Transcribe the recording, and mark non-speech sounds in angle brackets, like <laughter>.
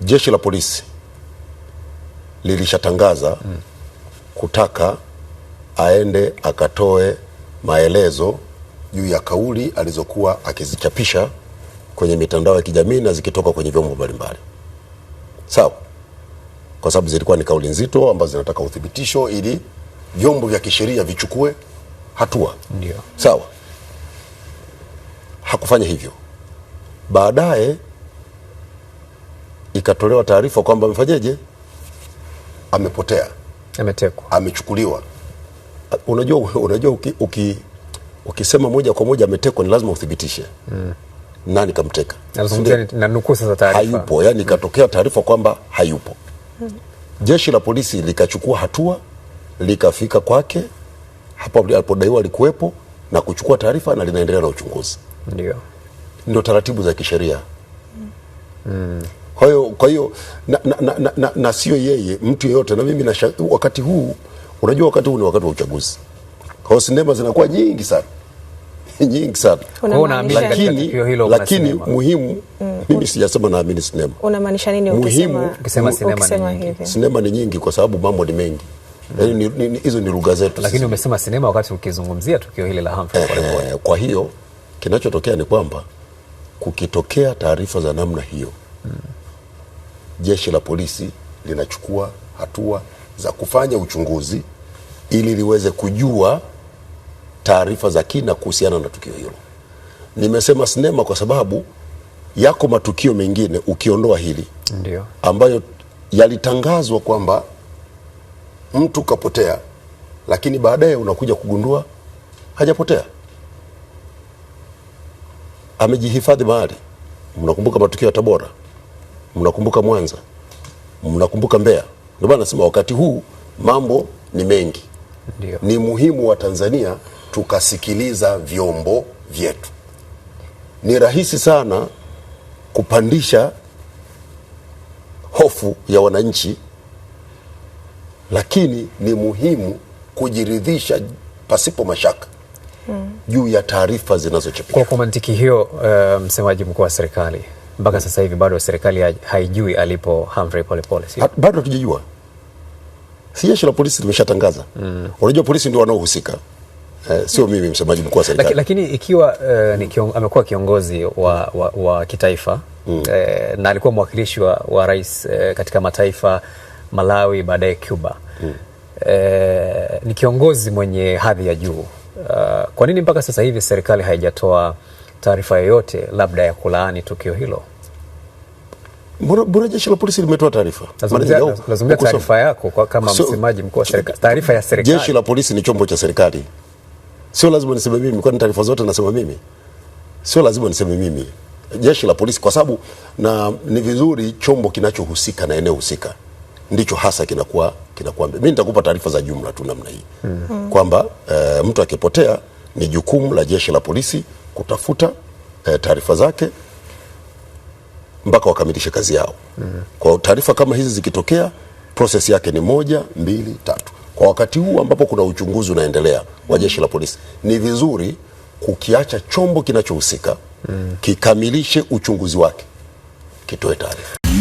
Jeshi la polisi lilishatangaza mm. kutaka aende akatoe maelezo juu ya kauli alizokuwa akizichapisha kwenye mitandao ya kijamii na zikitoka kwenye vyombo mbalimbali, sawa, kwa sababu zilikuwa ni kauli nzito ambazo zinataka uthibitisho ili vyombo vya kisheria vichukue hatua. Ndio. Sawa, hakufanya hivyo. Baadaye ikatolewa taarifa kwamba amefanyaje, amepotea, ametekwa, amechukuliwa. Unajua, unajua uki, uki, ukisema moja kwa moja ametekwa ni lazima uthibitishe mm. nani kamteka, hayupo, yani ikatokea taarifa kwamba hayupo mm. Jeshi la polisi likachukua hatua, likafika kwake hapo alipodaiwa alikuwepo na kuchukua taarifa, na linaendelea na uchunguzi. Ndio, ndio taratibu za kisheria mm. Kwa hiyo na, na, na, na, na, na sio yeye mtu yeyote, na mimi na wakati huu, unajua wakati huu ni wakati wa uchaguzi, kwa hiyo sinema zinakuwa nyingi sana <laughs> nyingi sana lakini, lakini muhimu mm. Mimi sijasema naamini sinema. Unamaanisha nini ukisema, ukisema sinema ni nyingi? Sinema ni nyingi kwa sababu mambo ni mengi hizo mm. Yaani ni, ni, ni lugha zetu, lakini umesema sinema wakati ukizungumzia tukio hili la Humphrey eh, Polepole. Eh, kwa hiyo kinachotokea ni kwamba kukitokea taarifa za namna hiyo mm. jeshi la polisi linachukua hatua za kufanya uchunguzi ili liweze kujua taarifa za kina kuhusiana na tukio hilo. Nimesema sinema kwa sababu yako matukio mengine ukiondoa hili ndio ambayo yalitangazwa kwamba mtu kapotea, lakini baadaye unakuja kugundua hajapotea amejihifadhi mahali. Mnakumbuka matukio ya Tabora, mnakumbuka Mwanza, mnakumbuka Mbeya. Ndio maana nasema wakati huu mambo ni mengi. Ndiyo. Ni muhimu wa Tanzania tukasikiliza vyombo vyetu. Ni rahisi sana kupandisha hofu ya wananchi, lakini ni muhimu kujiridhisha pasipo mashaka juu ya taarifa zinazochapishwa. Kwa mantiki hiyo, msemaji eh, msemaji mkuu wa serikali mpaka sasa hivi bado serikali haijui alipo Humphrey Polepole, bado hatujajua. Si jeshi la polisi limeshatangaza. mm. Unajua polisi ndio wanaohusika eh, sio mm. mimi msemaji mkuu wa serikali. Lakini ikiwa uh, ni kion, amekuwa kiongozi wa, wa, wa kitaifa mm. eh, na alikuwa mwakilishi wa, wa rais eh, katika mataifa Malawi, baadaye Cuba mm. eh, ni kiongozi mwenye hadhi ya juu uh, kwa nini mpaka sasa hivi serikali haijatoa taarifa yoyote labda ya kulaani tukio hilo? Mbona jeshi la polisi limetoa taarifa? Nazungumzia taarifa yako kwa kama so, msemaji mkuu wa serikali, taarifa ya serikali. Jeshi la polisi ni chombo cha serikali, sio lazima niseme mimi, kwani taarifa zote nasema mimi, sio lazima niseme mimi. Jeshi la polisi kwa sababu na ni vizuri chombo kinachohusika na eneo husika ndicho hasa kinakuwa kinakuambia. Mimi nitakupa taarifa za jumla tu namna hii mm. kwamba uh, mtu akipotea ni jukumu la jeshi la polisi kutafuta e, taarifa zake mpaka wakamilishe kazi yao. mm Kwa taarifa kama hizi zikitokea, process yake ni moja, mbili, tatu. Kwa wakati huu ambapo kuna uchunguzi unaendelea wa jeshi la polisi, ni vizuri kukiacha chombo kinachohusika mm. kikamilishe uchunguzi wake, kitoe taarifa.